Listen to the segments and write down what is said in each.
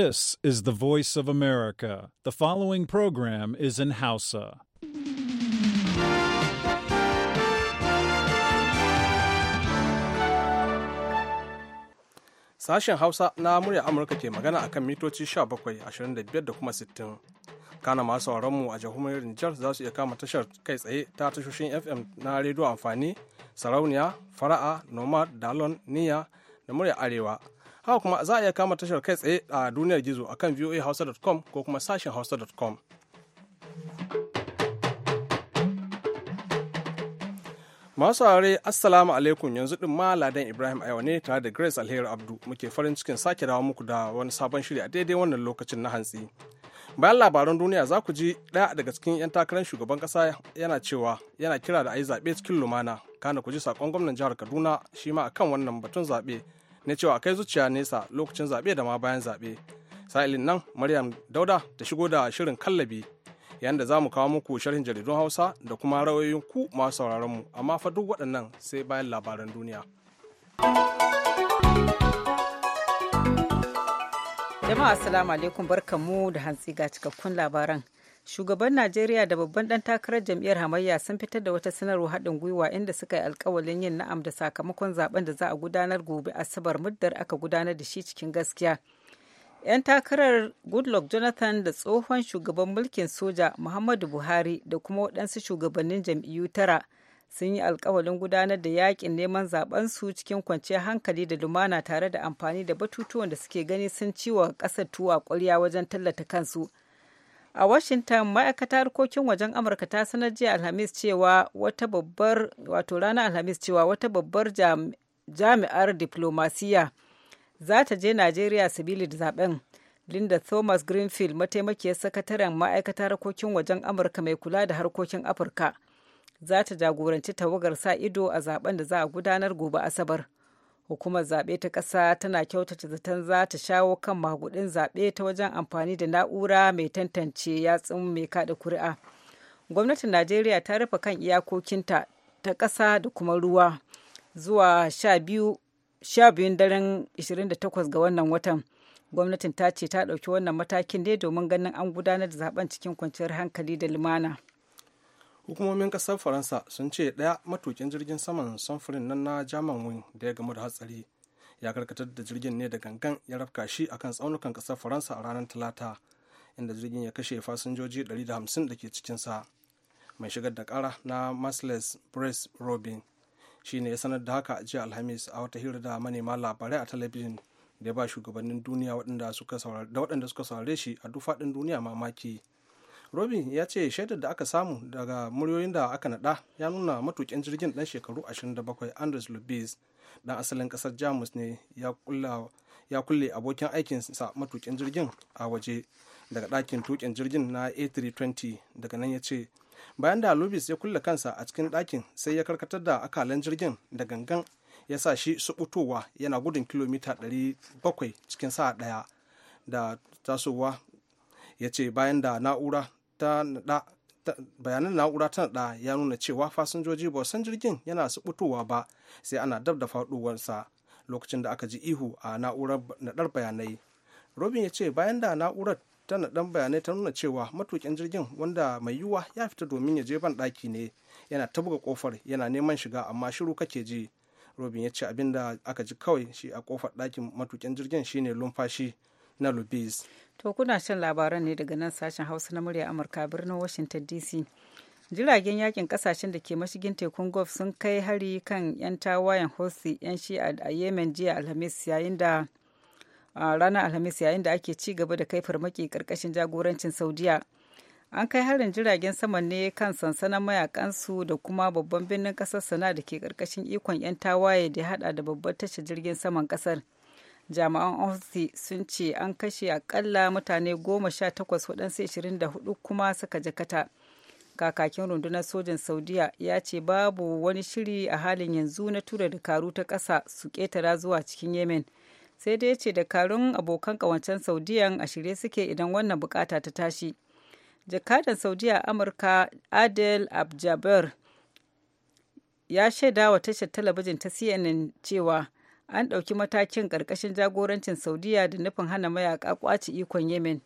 This is the voice of America. The following program is in Hausa. Sashen Hausa na murya Amurka ke magana a kan mitoci 17, 25 da kuma 60. Kana masu mu a jamhuriyar Nijar za su iya kama tashar kai tsaye ta tashoshin FM na rediyo amfani, sarauniya, fara'a, nomad, dalon, niya da murya arewa. haka kuma za a iya kama tashar kai tsaye a duniyar gizo a akan voahausa.com ko kuma sashen hausa.com Masu aure Assalamu alaikum yanzu din ma Ladan Ibrahim a ne tare da Grace Alheri Abdu muke farin cikin sake dawo muku da wani sabon shiri a daidai wannan lokacin na hantsi. Bayan labaran duniya za ku ji ɗaya daga cikin 'yan takarar shugaban ƙasa yana cewa yana kira da a yi zaɓe cikin lumana. Kana ku ji saƙon gwamnan jihar Kaduna shi ma akan wannan batun zaɓe na cewa kai zuciya nesa lokacin zaɓe da ma bayan zaɓe sa'ilin nan maryam dauda ta shigo da shirin kallabi yayin da za mu kawo muku sharhin jaridun hausa da kuma rawayoyin ku masu sauraron mu amma fa duk waɗannan sai bayan labaran duniya jama'a assalamu alaikum barkamu da hantsi ga cikakkun labaran shugaban najeriya da babban dan takarar jam'iyyar hamayya sun fitar da wata sanarwar haɗin gwiwa inda suka yi alkawalin yin na'am da sakamakon zaben da za a gudanar gobe asabar muddar aka gudanar da shi cikin gaskiya 'yan takarar goodluck jonathan da tsohon shugaban mulkin soja muhammadu buhari da kuma waɗansu shugabannin jam'iyyu tara sun yi alkawalin gudanar da yakin neman zaben su cikin kwanciyar hankali da lumana tare da amfani da batutuwan da suke gani sun ciwa ƙasar tuwa ƙwarya wajen tallata kansu a washington ma'aikata harkokin wajen amurka ta sanar jiya alhamis cewa wata babbar wato ranar alhamis cewa wata babbar jami'ar diplomasiya za ta je najeriya sibili da zaben linda thomas greenfield mataimakiyar sakataren ma'aikata harkokin wajen amurka mai kula da harkokin afirka za ta jagoranci tawagar sa ido a zaben da za a gudanar gobe asabar. hukumar zaɓe ta ƙasa tana kyautata zaton za ta shawo kan magudin zaɓe ta wajen amfani da na'ura mai tantance yatsun mai kaɗa kuri'a gwamnatin najeriya ta rufe kan iyakokinta ta ƙasa da kuma ruwa zuwa sha biyun daren 28 ga wannan watan gwamnatin ta ce ta ɗauki wannan matakin ne domin ganin an gudanar da zaɓen cikin kwanciyar hankali da lumana. hukumomin kasar faransa sun ce ɗaya matukin jirgin saman samfurin nan na german wing da ya gamu da hatsari ya karkatar da jirgin ne da gangan ya rafka shi a kan tsaunukan kasar faransa a ranar talata inda jirgin ya kashe fasinjoji 150 da ke cikinsa mai shigar da kara na masles brace robin shi ne ya sanar da haka jiya alhamis a wata hira da manema labarai a talabijin da ya ba shugabannin duniya da waɗanda suka saurare shi a duk faɗin duniya mamaki robin ya ce shaidar da aka samu daga muryoyin da aka nada ya nuna matukin jirgin dan shekaru 27 andres lubis dan asalin kasar jamus ne ya kulle abokin aikinsa matukin jirgin a waje daga ɗakin tukin jirgin na a320 daga nan ya ce bayan da lubis ya kulle kansa a cikin ɗakin sai ya karkatar da akalan jirgin da gangan ya sa shi subutowa yana gudun kilomita 700 cikin sa'a daya da tasowa ya ce bayan da na'ura ta naɗa bayanan na'ura ta naɗa ya nuna cewa fasinjoji ba san jirgin yana subutowa ba sai ana dab da faɗuwarsa lokacin da aka ji ihu a na'urar naɗar bayanai robin ya ce bayan da na'urar ta naɗan bayanai ta nuna cewa matukin jirgin wanda mai yiwuwa ya fita domin ya je ban ɗaki ne yana ta buga ƙofar yana neman shiga amma shiru kake ji robin ya ce abin da aka ji kawai shi a kofar ɗakin matukin jirgin shine lumfashi na Lubis. To kuna shan labaran ne daga nan sashen Hausa na murya Amurka birnin Washington DC. Jiragen yakin kasashen da ke mashigin tekun Gulf sun kai hari kan 'yan tawayen hosi 'yan shi'a a Yemen jiya Alhamis yayin da a ranar Alhamis yayin da ake ci gaba da kai farmaki karkashin jagorancin Saudiya. An kai harin jiragen sama ne kan sansanin mayakansu da kuma babban birnin kasar Sana da ke karkashin ikon 'yan tawaye da ya hada da babbar tashar jirgin saman ƙasar. kasar. jami'an ofisi sun ce an kashe akalla mutane goma sha takwas waɗansu ashirin da hudu kuma suka jakata kakakin rundunar sojan saudiya ya ce babu wani shiri a halin yanzu na tura dakaru ta ƙasa su ƙetara zuwa cikin yemen sai dai ce dakarun abokan ƙawancen saudiyan a shirye suke idan wannan bukata ta tashi jakadan saudiya amurka adel abjaber ya shaidawa tashar talabijin ta cnn cewa an ɗauki matakin ƙarƙashin jagorancin saudiya da nufin hana mayaka ƙwace ikon yemen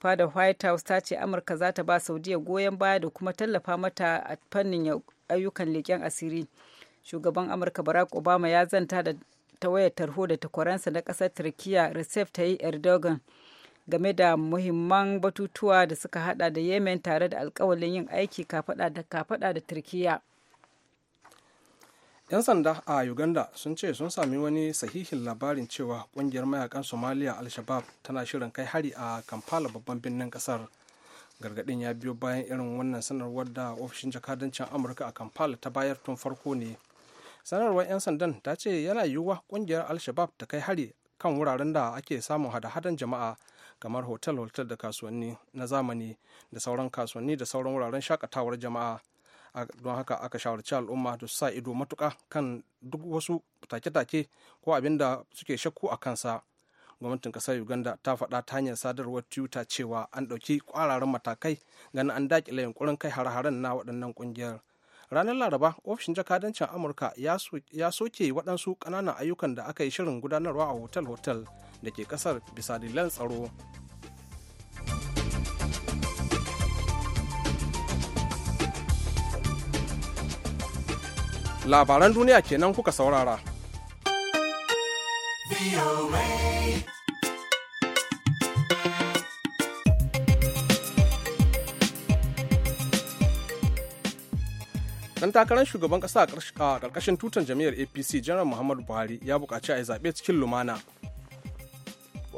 fada white house ta ce amurka za ta ba saudiya goyon baya da kuma tallafa mata a fannin ayyukan leƙen asiri shugaban amurka barack obama ya zanta da ta wayar tarho da takwaransa na ƙasar turkiya recep yi erdogan game da muhimman batutuwa da suka hada da yemen tare da alkawalin yin aiki kafada da kafada da 'yan sanda a uganda sun ce sun sami wani sahihin labarin cewa kungiyar mayakan somalia al-shabab tana shirin kai hari a kampala babban birnin kasar gargadin ya biyo bayan irin wannan sanarwar da ofishin jakadancin amurka a kampala ta bayar tun farko ne sanarwar 'yan sandan ta ce yana yiwuwa kungiyar al-shabab ta kai hari kan wuraren da ake samun hada-hadan jama'a kamar hotel-hotel da kasuwanni na zamani da sauran kasuwanni da sauran wuraren shakatawar jama'a don haka aka shawarci al'umma da su sa ido matuka kan duk wasu take-take ko abin da suke shakku a kansa gwamnatin kasar uganda ta faɗa ta hanyar sadarwar tuta cewa an ɗauki ƙwararren matakai ganin an daƙile yunkurin kai har-haren na waɗannan ƙungiyar ranar laraba ofishin jakadancin amurka ya soke waɗansu ƙananan ayyukan da aka yi shirin gudanarwa a hotel-hotel da ke ƙasar bisa dalilan tsaro labaran duniya kenan kuka saurara. dan takarar shugaban ƙasa a ƙarƙashin tutan jami'ar apc janar muhammadu buhari ya buƙaci a yi zaɓe cikin lumana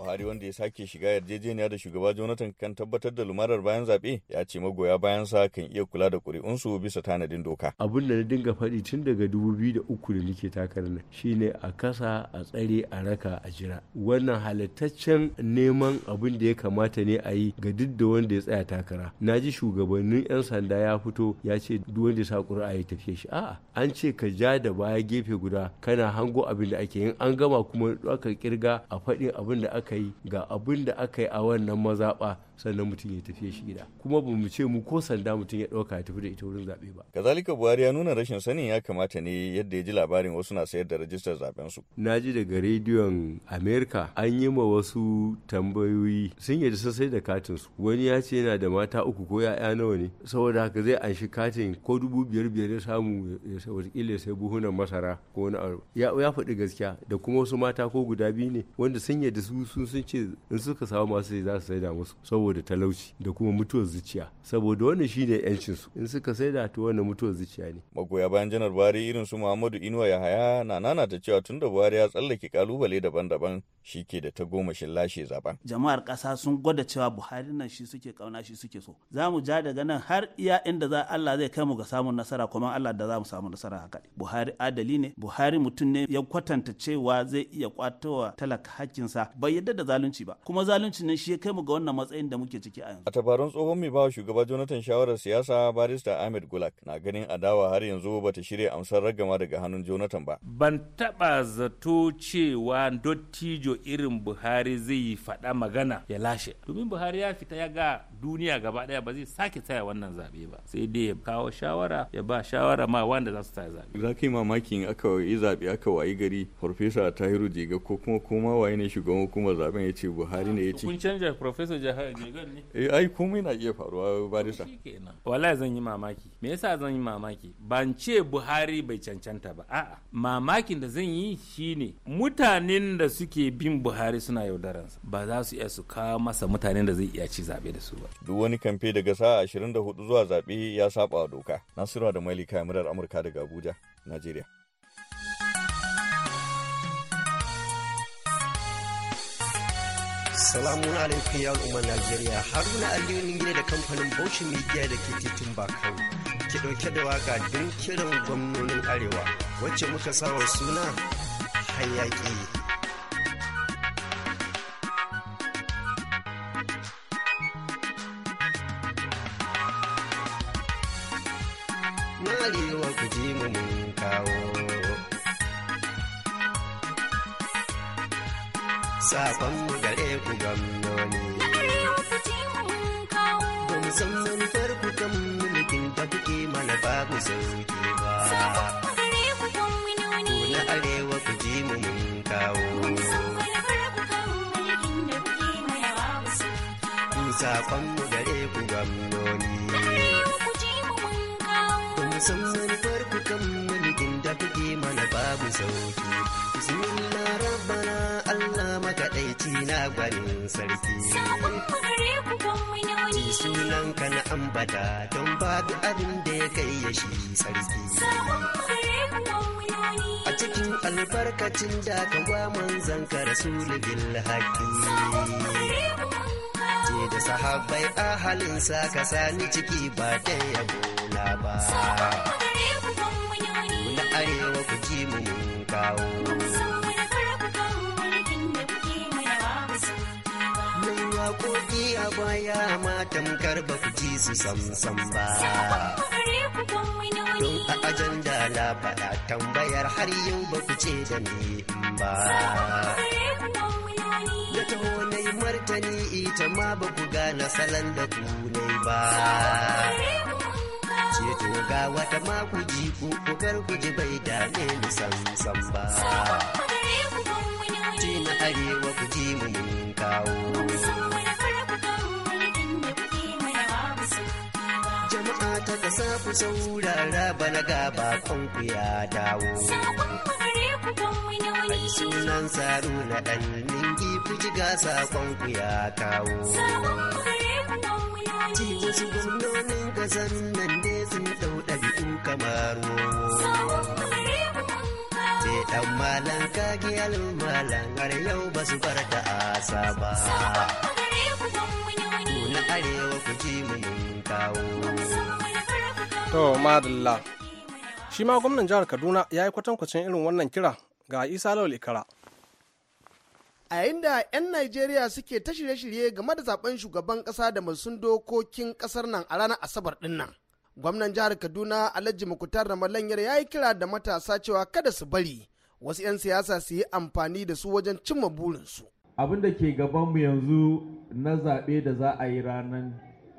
Buhari wanda ya sake shiga yarjejeniya da shugaba Jonathan kan tabbatar da lumarar bayan zaɓe ya ce magoya bayan sa kan iya kula da ƙuri'unsu bisa tanadin doka. Abin da na dinga faɗi tun daga 2003 da uku da nake takarar nan shine a kasa a tsare a raka a jira. Wannan halittaccen neman abin da ya kamata ne a yi ga duk da wanda ya tsaya takara. Na ji shugabannin 'yan sanda ya fito ya ce duk wanda ya sa ƙuri'a ya tafiye shi. A'a an ce ka ja da baya gefe guda kana hango abin da ake yin an gama kuma ɗaukar kirga a faɗin abin da aka aka yi ga abin da aka yi a wannan mazaɓa sannan mutum ya tafiye shi gida kuma ba mu ce mu ko sanda mutum ya dauka ya tafi da ita wurin zaɓe ba. kazalika buhari ya nuna rashin sanin ya kamata ne yadda ya ji labarin wasu na sayar da rajistar zaben su. na ji daga rediyon america an yi ma wasu tambayoyi sun yadda sun sai da katin su wani ya ce yana da mata uku ko ya'ya nawa ne saboda haka zai anshi katin ko dubu biyar biyar ya samu wataƙila ya sai buhunan masara ko wani abu ya faɗi gaskiya da kuma wasu mata ko guda biyu ne wanda sun yadda su sun ce in suka samu masu za su sai da musu saboda talauci da kuma mutuwar zuciya saboda wannan shine yancin su in suka saida to wannan mutuwar zuciya ne magoya bayan janar Buhari irin su Muhammadu Inuwa Yahaya na nana ta cewa tunda Buhari ya tsallake kalubale daban-daban shi ke da ta goma shin lashe zaben jama'ar kasa sun gwada cewa Buhari nan shi suke kauna shi suke so za mu ja daga nan har iya inda za Allah zai kai mu ga samun nasara kuma Allah da za mu samu nasara haka Buhari adali ne Buhari mutum ne ya kwatanta cewa zai iya kwatowa talaka hakkinsa bai yadda da zalunci ba kuma zalunci ne shi ya kai mu ga wannan matsayin da muke ciki a yanzu. A tabarun tsohon mai bawa shugaba Jonathan shawarar siyasa barista Ahmed Gulak na ganin adawa har yanzu bata shirya amsar ragama daga hannun Jonathan ba. Ban taba zato cewa dottijo irin Buhari zai yi faɗa magana ya lashe. Domin Buhari ya fita ya ga duniya gaba ɗaya ba zai sake taya wannan zaɓe ba. Sai dai ya kawo shawara ya ba shawara ma wanda za su taya zaɓe. Za ka yi mamakin aka yi zaɓe aka wayi gari Farfesa Tahiru Jiga ko kuma kuma waye ne shugaban hukumar zaɓen ya ce Buhari ne ya ce. Kun canja Farfesa Jihar eh ai komai na iya faruwa barisa wallahi zan yi mamaki me yasa zan yi mamaki ban ce buhari bai cancanta ba a'a mamakin da zan yi shine mutanen da suke bin buhari suna yaudaransa ba za su iya su kawo masa mutanen da zai iya ci zabe da su ba duk wani kamfe daga sa 24 zuwa zabe ya saba doka nasiru da malika murar amurka daga abuja nigeria. Assalamu alaikum ya al'ummar Najeriya Haruna Aliyu ne da kamfanin Bauchi Media da ke titin Bakau. Ki ɗauke da waka don kiran gwamnonin Arewa wacce muka sawa suna hayaki. arewa ku ji mu mun kawo. ku gamnoni. Na arewa Ba san manufar ku kan mulkin kuke mana ba ku sauki ba. arewa ku ji mun mu gare ku Na arewa san manufar ku kan mulkin mana babu sauki. Allah gwanin sarki. Ci sunan ka na ambata don babu abin da ya kai ya shi sarki. A cikin albarkacin da ka wa manzan ka rasulu bil haƙi. Ce da sahabbai sa ka sani ciki ba ta yabo na ba. kuɗi a baya matan karba ku ji su samsam ba. Don a ajanda na faɗa tambayar har yau ba ku ce da ni ba. Da taho na yi martani ita ma ba ku gane salon da ku ne ba. Ceto ga wata ma ku ji ku ku ku ji bai dame ni samsam ba. Tina arewa ku ji mu yin kawo. sa ku saurara bana ga bakon ku ya dawo. Ai sunan saru na ɗan ninki ku ji ga sakon ku ya kawo. Ci wasu gwamnonin kasan nan ne sun ɗau ɗabi'u kamar wowo. ce dan malan kage almalan har yau ba su bar da asa ba na arewa ku ji mu kawo To madalla. Shi ma gwamnan jihar Kaduna ya yi kwatankwacin irin wannan kira ga Isa Lawal Ikara. a yayin da 'yan Najeriya suke ta shirye-shirye game da zaben shugaban kasa da masun dokokin kasar nan a ranar Asabar din Gwamnan jihar Kaduna Alhaji Mukutar Ramalanyar ya yi kira da matasa cewa kada su bari wasu 'yan siyasa su yi amfani da su wajen cimma burinsu. Abin da ke gabanmu yanzu na zaɓe da za a yi ranar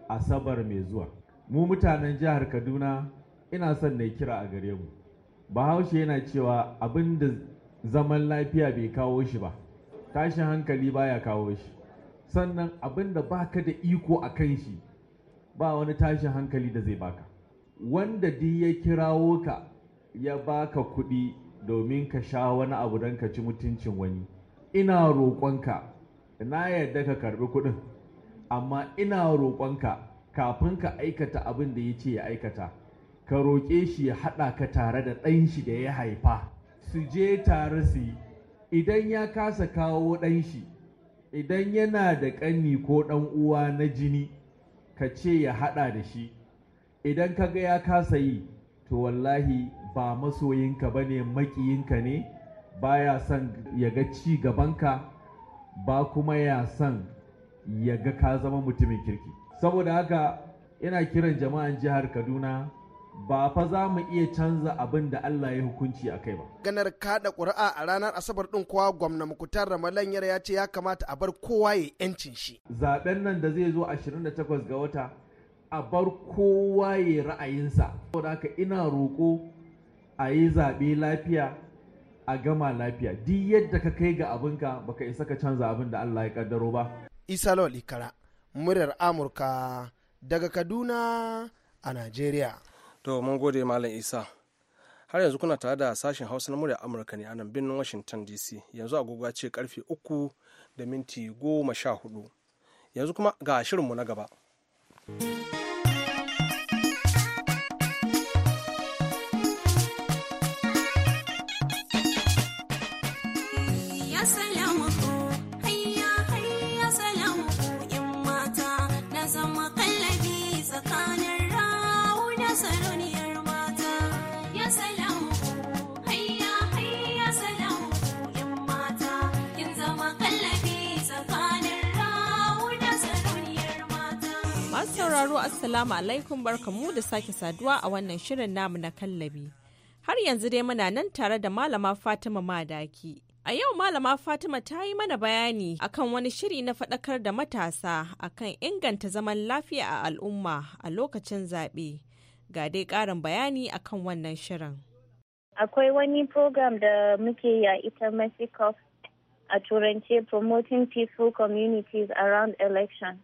Asabar mai zuwa. mu mutanen jihar kaduna ina son na kira a gare mu bahaushe yana cewa abin da zaman lafiya bai kawo shi ba tashin hankali baya kawo shi sannan abin da baka da iko a kan shi ba wani tashin hankali da zai baka wanda duk ya kirawo ka ya baka kuɗi domin ka sha wani abu don ka ci mutuncin wani ina roƙonka na yarda ka karɓi kuɗin amma ina roƙonka kafin ka aikata abin da ya ce ya aikata ka roƙe shi ya haɗa ka tare da ɗan shi da ya haifa su je tare su yi idan ya kasa kawo ɗan shi idan yana da ƙanni ko ɗan uwa na jini ka ce ya haɗa da shi idan ka ga ya kasa yi to wallahi ba masoyinka ba ne maƙiyinka ne ba ya son ya ga ci gabanka ba kuma ya son ya ga ka zama mutumin kirki saboda haka ina kiran jama'an jihar kaduna ba fa za mu iya canza abin da Allah ya hukunci a kai ba. Ganar kada ƙuri'a a ranar Asabar ɗin kowa gwamna Mukutar Ramalan Yara ya ce ya kamata a bar kowa ya yancin shi. Zaben nan da zai zo 28 ga wata a bar kowa ya ra'ayinsa. Saboda haka ina roƙo a yi zaɓe lafiya a gama lafiya. Duk yadda ka kai ga abinka baka isa ka canza abin da Allah ya kaddaro ba. Isa Lawal Ikara muryar amurka daga kaduna a nigeria. to mun gode malam isa har yanzu kuna tare da sashen hausa na muryar amurka ne a nan birnin washington dc yanzu agogo ce karfe uku da minti goma sha hudu yanzu kuma ga shirinmu na gaba. Mm assalamu alaikum barkamu da sake saduwa a wannan shirin namu na kallabi. Har yanzu dai muna nan tare da malama Fatima Madaki. A yau malama Fatima ta yi mana bayani akan wani shiri na faɗakar da matasa akan inganta zaman lafiya a al'umma a lokacin zaɓe. Ga dai ƙarin bayani akan wannan shirin. Akwai wani program da muke yi a ita Mexico a turance Promoting Peaceful Communities Around Election.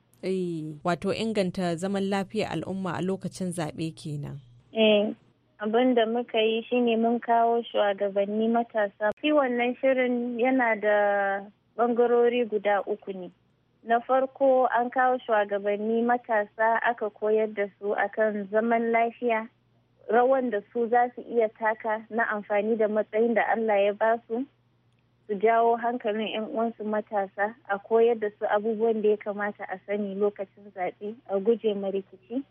wato inganta zaman lafiya al'umma a lokacin zaɓe kenan. Eh, abin da muka yi shine mun kawo shugabanni matasa Fi wannan shirin yana da bangarori guda uku ne na farko an kawo shugabanni matasa aka koyar da su akan zaman lafiya rawan da su za su iya taka na amfani da matsayin da allah ya ba su su jawo hankalin 'yan uwansu matasa a koyar da su abubuwan da ya kamata a sani lokacin zaɓe a guje ma rikici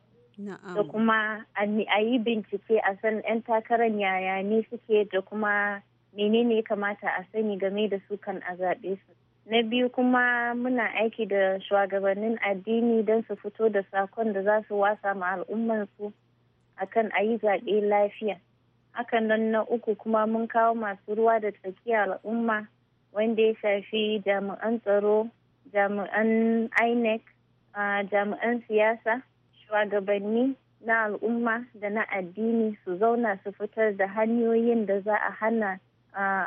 da kuma a yi bincike a san 'yan takarar yaya ne suke da kuma menene ya kamata a sani game da su kan a zaɓe su na biyu kuma muna aiki da shugabannin addini don su fito da sakon da za su wasa ma al'ummansu akan a yi zaɓe lafiya hakan nan na uku kuma mun kawo masu ruwa da tsakiya al'umma wanda ya shafi jami'an tsaro jami'an inec jami'an siyasa shugabanni na al'umma da na addini su zauna su fitar da hanyoyin da za a hana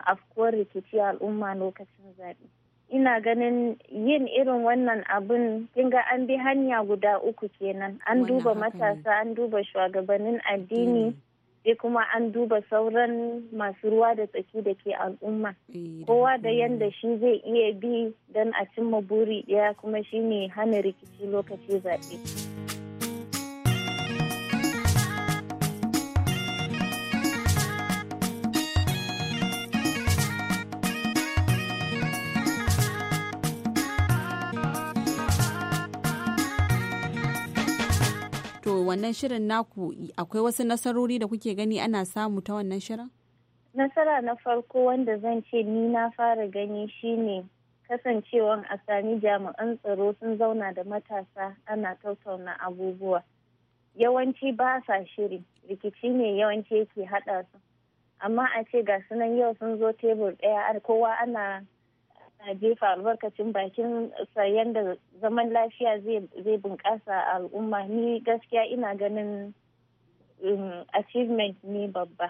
afkuwar rikici al'umma lokacin zaɓe. ina ganin yin irin wannan abun kinga an bi hanya guda uku kenan an duba matasa an duba shugabannin addini mm. sai kuma an duba sauran masu ruwa da tsaki da ke al'umma eh, kowa da yadda shi zai iya bi don a cimma buri ɗaya kuma shine hana rikici lokaci zaɓe. wannan shirin naku akwai wasu nasarori da kuke gani ana samu ta wannan shirin? Nasara na farko wanda zan ce ni na fara gani shine kasancewan a sami jami'an tsaro sun zauna da matasa ana tattauna abubuwa. Yawanci ba sa shiri, rikici ne yawanci yake haɗa su. Amma a ce ga sunan yau sun zo tebur ɗaya kowa ana a jefa albarkacin bakin sayan da zaman lafiya zai bunƙasa al'umma ni gaskiya ina ganin um, achievement ne babba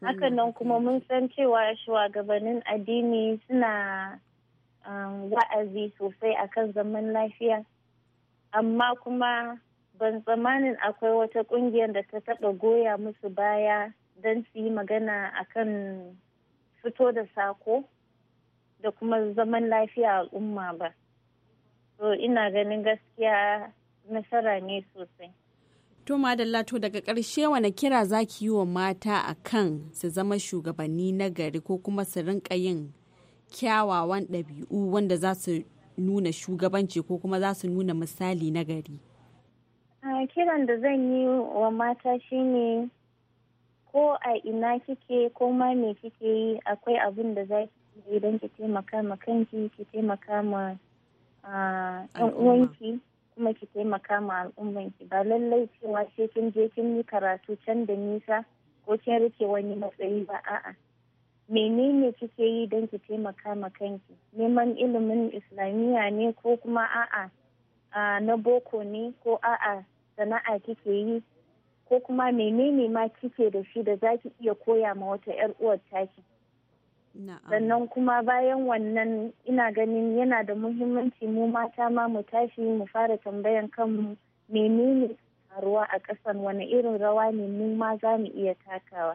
hmm, hakan nan kuma mun san cewa shugabannin addini suna um, wa'azi sosai akan zaman lafiya amma kuma ban tsamanin akwai wata kungiyar da ta taɓa goya musu baya don su yi magana akan fito da sako da kuma zaman lafiya a al'umma ba to ina ganin gaskiya nasara ne sosai to madalla to daga ƙarshe wani kira za ki yi wa mata a kan su zama shugabanni na gari ko kuma su rinka yin kyawawan ɗabi'u wanda za su nuna shugabanci ko kuma za su nuna misali na gari kiran da zan yi wa mata shine ko a ina kike ko ma me kike yi akwai abin da za ki idan ki taimaka ma kanki ki taimaka ma yan uwanki kuma ki taimaka ma al'ummanki ba lallai cewa sai kin je kin yi karatu can da nisa ko kin rike wani matsayi ba a'a menene kike yi don ki taimaka ma kanki neman ilimin islamiyya ne ko kuma a'a na boko ne ko a'a sana'a kike yi ko kuma menene ma kike da shi da zaki iya koya ma wata 'yar uwar taki sannan kuma bayan wannan ina ganin yana da muhimmanci mu mata ma mu tashi mu fara tambayan kanmu menene faruwa a ƙasan wani irin rawa ne mu ma za mu iya takawa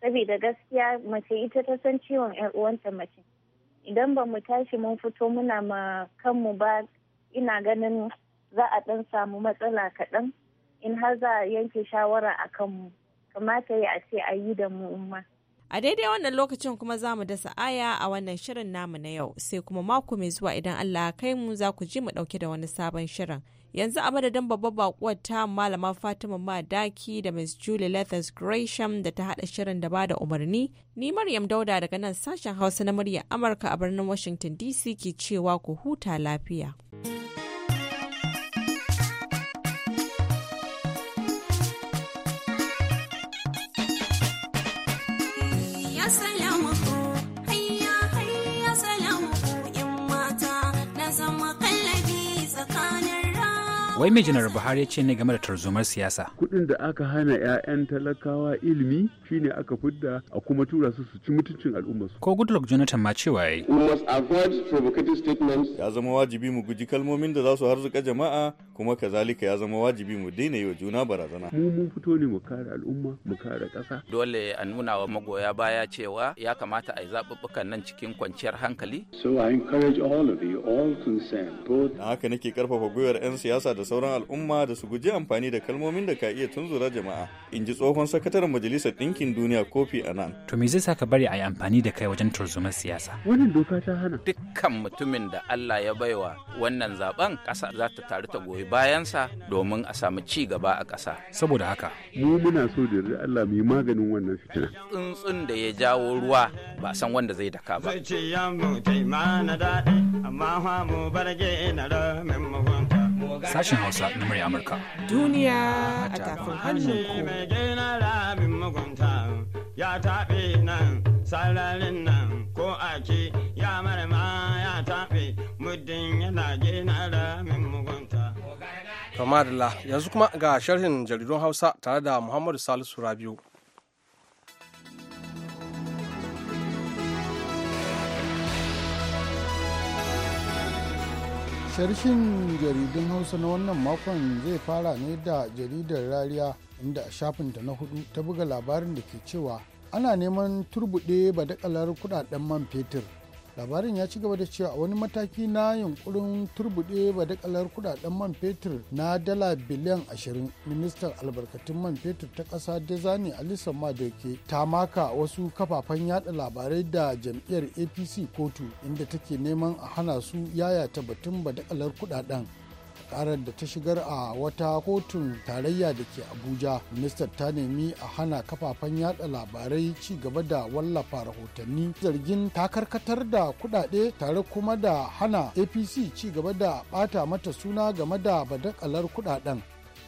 saboda gaskiya mace ita ta san ciwon yan uwanta mace idan ba mu tashi mun fito muna ma kanmu ba ina ganin za a ɗan samu matsala kaɗan in har za a yanke shawara a kanmu kamata ya ce a yi da mu umma. A daidai wannan lokacin kuma za mu dasa aya a wannan shirin namu na yau sai kuma mako mai zuwa idan Allah kai mu za ku ji mu dauke da wani sabon shirin. Yanzu a madadin babbar bakuwar ta malama Fatima Madaki da Miss Julie Lethers Gresham da ta haɗa shirin da ba da umarni, ni Maryam Dauda daga nan sashen Hausa na murya Amurka a birnin Washington DC ke cewa ku huta lafiya. selam olsun. wai mai janar buhari ya ce ne game da tarzomar siyasa kudin da aka hana 'ya'yan talakawa ilimi shine aka fidda a kuma tura su su ci mutuncin al'umma ko goodluck jonathan ma cewa yayi ya zama wajibi mu guji kalmomin da za su harzuka jama'a kuma kazalika ya zama wajibi mu daina yi wa juna barazana mu mun fito ne mu kare al'umma mu kare ƙasa dole a nuna wa magoya baya cewa ya kamata a yi zaɓuɓɓukan nan cikin kwanciyar hankali so i encourage all of you all concerned both haka nake karfafa gwiwar 'yan siyasa da da sauran al'umma da su guji amfani da kalmomin da ka iya tunzura jama'a in ji tsohon sakataren majalisar ɗinkin duniya kofi a nan. to me zai sa ka bari a yi amfani da kai wajen turzumar siyasa wannan doka ta hana dukkan mutumin da allah ya baiwa wannan zaben ƙasa za ta taru ta goyi bayansa domin a samu ci gaba a ƙasa saboda haka mu muna so da yarda allah mu yi maganin wannan fitina tsuntsun da ya jawo ruwa ba san wanda zai daka ba zai ce ma na daɗi amma mu barge na ramin mugunta Sashen Hausa na murya Amurka. Duniya a tafin mugunta Ya taɓe nan, sararin nan, ko ake ya marama ya taɓe muddin yana gina ramin mugunta. Kama yanzu kuma ga sharhin jaridun Hausa tare da Muhammadu Salisu Rabiu. Sharshin jaridun Hausa na wannan makon zai fara ne da jaridar rariya inda a shafinta na hudu ta buga labarin da ke cewa ana neman turbuɗe badakalar kudaden man fetur labarin ya ci gaba da cewa wani mataki na yunkurin turbuɗe badakalar kudaden man fetur na dala biliyan 20 ministan albarkatun man fetur ta ƙasa dezani alisa madoke ta maka wasu kafafen yada labarai da jam'iyyar apc kotu inda take neman a hana su yaya ta batun badakalar kudaden karar da ta shigar a wata kotun tarayya da ke abuja minista ta nemi a hana kafafen yada labarai ci gaba da wallafa rahotanni zargin ta karkatar da kudade tare kuma da hana apc ci gaba da bata mata suna game da badakalar kudaden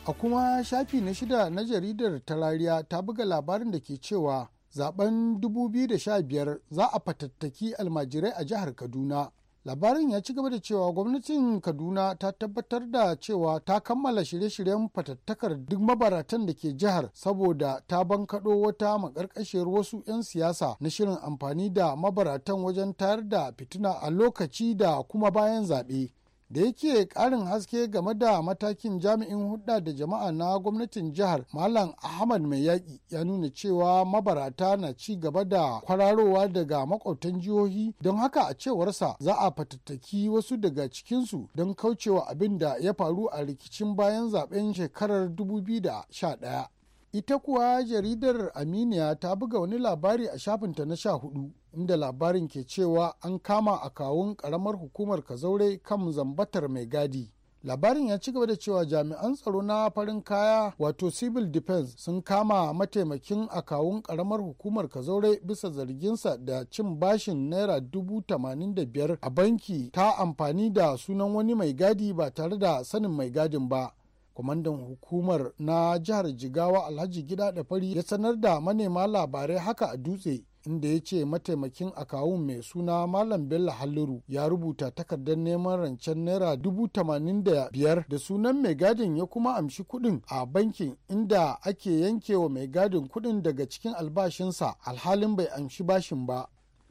a kuma shafi na shida na jaridar tarariya ta buga labarin da ke cewa zaben 2015 za a fatattaki almajirai a jihar kaduna labarin ya ci gaba da cewa gwamnatin kaduna ta tabbatar da cewa ta kammala shirye-shiryen fatattakar duk mabaratan da ke jihar saboda ta bankaɗo wata makarkashiyar wasu 'yan siyasa na shirin amfani da mabaratan wajen tayar da fitina a lokaci da kuma bayan zaɓe da yake karin haske game da matakin jami'in hudda da jama'a na gwamnatin jihar malam ahmad mai yaƙi ya nuna cewa mabarata na ci gaba da kwararowa daga makwabtan jihohi don haka a cewarsa za a fatattaki wasu daga cikinsu don kaucewa abin da ya faru a rikicin bayan zaben shekarar 2011 ita kuwa jaridar aminiya ta buga wani labari a shafinta na sha hudu inda labarin ke cewa an kama a kawun karamar hukumar kazaure kan zambatar mai gadi labarin ya ci gaba da cewa jami'an tsaro na farin kaya wato civil defense sun kama mataimakin a kawun karamar hukumar kazaure bisa zarginsa da cin bashin naira dubu tamanin da biyar a banki ta amfani da sunan wani mai gadi ba tare da sanin mai gadin ba kwamandan hukumar na jihar jigawa alhaji gida da fari ya sanar da manema labarai haka a dutse inda ya ce mataimakin akawun mai suna Malam Bello Halliru ya rubuta takardar neman rancen naira dubu tamanin da biyar da sunan mai gadin ya kuma amshi kuɗin a bankin inda ake yankewa mai gadin kuɗin daga cikin albashinsa alhalin bai amshi bashin ba.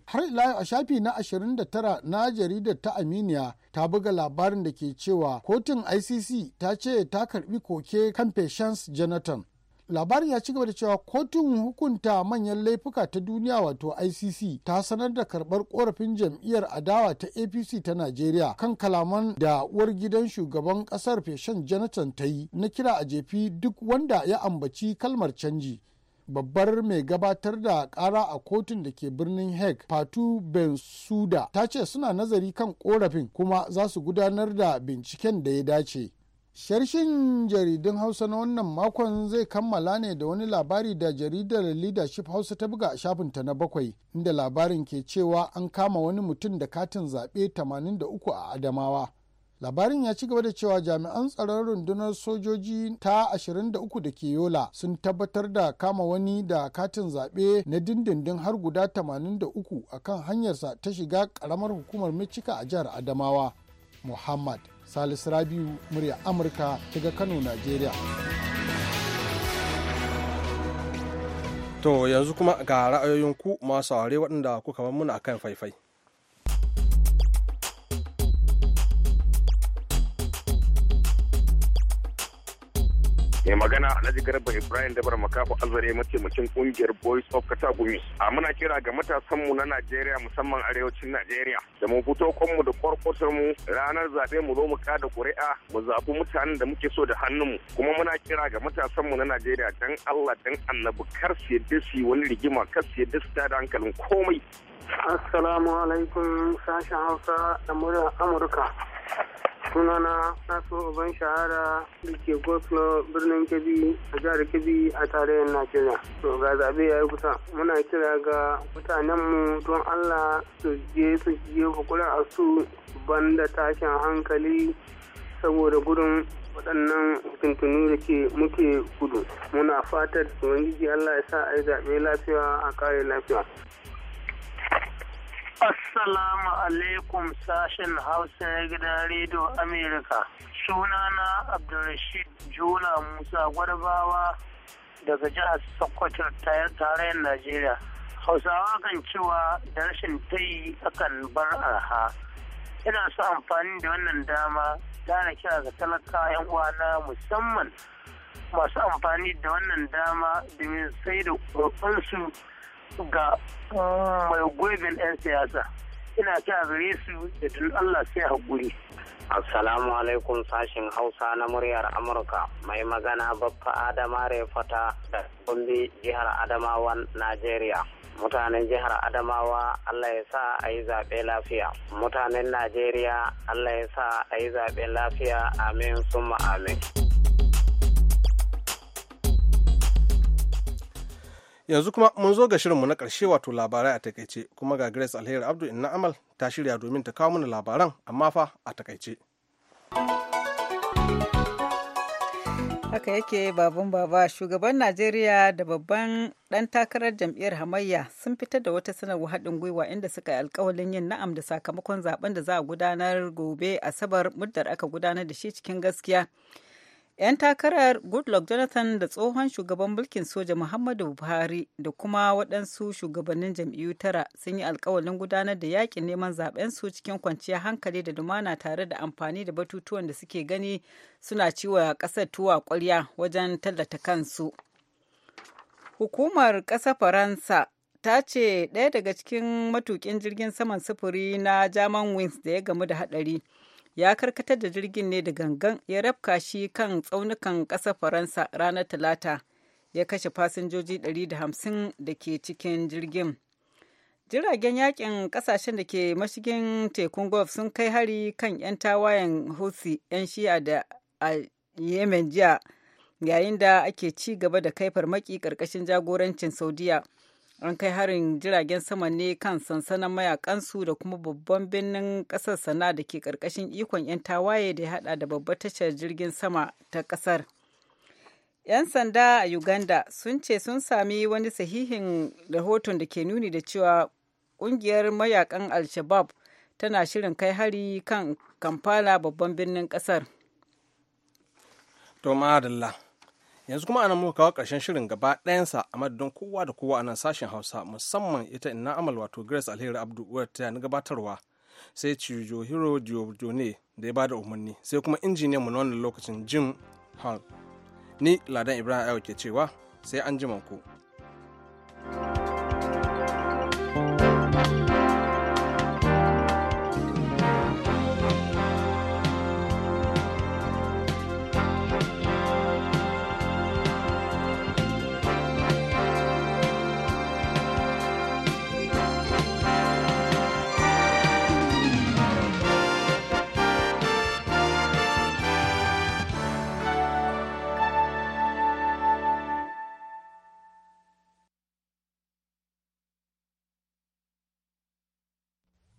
har ila a shafi na 29 na jaridar ta aminiya ta buga labarin da ke cewa kotun icc ta ce ta karbi koke kan patience jonathan labarin ya ci gaba da cewa kotun hukunta manyan laifuka ta duniya wato icc ta sanar da karbar korafin jam'iyyar adawa ta apc ta najeriya kan kalaman da uwar gidan shugaban kasar feshen jonathan ta yi na kira a jefi duk wanda ya ambaci kalmar canji babbar mai gabatar da kara a kotun da ke birnin hague fatu suda ta ce suna nazari kan korafin kuma za su gudanar da binciken da ya dace Sharshin jaridun Hausa na wannan makon zai kammala ne da wani labari da jaridar Leadership Hausa ta buga a shafinta na bakwai, inda labarin ke cewa an kama wani mutum da katin zaɓe 83 a Adamawa. Labarin ya ci gaba da cewa jami'an tsaron rundunar sojoji ta 23 da ke Yola sun tabbatar da kama wani da katin zaɓe na dindindin har guda 83 a kan hanyarsa ta shiga karamar hukumar Micika a jihar Adamawa, Muhammad. Salisu Rabiu murya Amurka daga Kano, Najeriya. To yanzu kuma ga ra'ayoyin ku masu ware waɗanda kuka bar muna kan faifai. mai magana alhaji garba ibrahim dabar makafu azare mataimakin kungiyar boys of katagumi a muna kira ga matasanmu na najeriya musamman arewacin najeriya da mu fito kwanmu da kwarkwatar mu ranar zaɓe mu zo mu kada ƙuri'a mu zaɓi mutanen da muke so da hannun mu kuma muna kira ga matasanmu na najeriya dan allah dan annabi kar su yadda su wani rigima kar su yadda su tada hankalin komai assalamu alaikum sashen hausa da muryar amurka sunana nasu ban shahara da ke goslo birnin kebbi a jihar kebbi a tarayyar najeriya to ga zabe ya yi kusa muna kira ga mu don allah su je su je hukura a su ban da tashin hankali saboda gudun waɗannan tuntunu da ke muke gudu muna fatar ubangiji allah ya sa a yi zaɓe lafiya a kare lafiya Assalamu alaikum sashen Hausa ya gida Rediyo Amerika. Sunana Abdulrashid Juna Musa Gwarbawa daga jihar Sokoto tarayyar Najeriya. Hausawa kan cewa da rashin tayi akan bar arha. Ina so amfani da wannan dama gane kira ga talaka 'yan uwana musamman masu amfani da wannan dama domin sai da ƙoƙonsu ga mm, mai gwebin 'yan siyasa ina ta gare su da tun Allah sai haƙuri. Assalamu alaikum sashin Hausa na muryar Amurka mai magana Baffa Adama Refata da Gombe jihar Adamawan Najeriya. Mutanen jihar Adamawa Allah ya sa a yi zaɓe lafiya. Mutanen Najeriya Allah ya sa a yi zaɓe lafiya amin summa amin. yanzu kuma mun zo ga shirinmu na ƙarshe wato labarai a takaice kuma ga grace alheri abdu inna amal ta shirya domin ta kawo mana labaran amma fa a takaice haka yake baban baba shugaban najeriya da babban dan takarar jam'iyyar hamayya sun fitar da wata sanarwar haɗin gwiwa inda suka yi alkawalin yin na'am da sakamakon zaben da za a gudanar gobe asabar muddar aka gudanar da shi cikin gaskiya 'Yan takarar Goodluck Jonathan da tsohon shugaban mulkin soja Muhammadu Buhari da kuma waɗansu shugabannin jam'iyyu tara sun yi alkawalin gudanar da yakin neman zaben su cikin kwanciyar hankali da lumana tare da amfani da batutuwan da suke gani suna ciwa ƙasar tuwa ƙwarya wajen tallata kansu. Hukumar ƙasar Faransa ta ce ɗaya daga cikin matukin jirgin saman sufuri na German Wings da ya gamu da haɗari. ya karkatar da jirgin ne da gangan ya rafka shi kan tsaunukan ƙasa faransa ranar talata ya kashe fasinjoji 150 da ke cikin jirgin jiragen yakin kasashen da ke mashigin tekun golf sun kai hari kan 'yan tawayen husi 'yan shi'a da a yemen jiya yayin da ake ci gaba da kai farmaki ƙarƙashin jagorancin saudiya an kai harin jiragen sama ne kan sansanin mayakansu da kuma babban birnin kasar sana da ke karkashin ikon 'yan tawaye da ya hada da babbar tashar jirgin sama ta kasar 'yan sanda a uganda sun ce sun sami wani sahihin rahoton da ke nuni da cewa kungiyar mayakan al-shabab tana shirin kai hari kan kampala babban birnin kasar yanzu kuma ana muka kawo karshen shirin gaba ɗayansa a madadin kowa da kowa a nan sashen hausa musamman ita ina amal wato grace alheri abdu ta yana gabatarwa sai cijo Chiyohiro ne da ya ba da umarni sai kuma injiniyan mu na wannan lokacin Jim Hall. Ni Ladan Ibrahim Ayo ke cewa sai an ku. thank you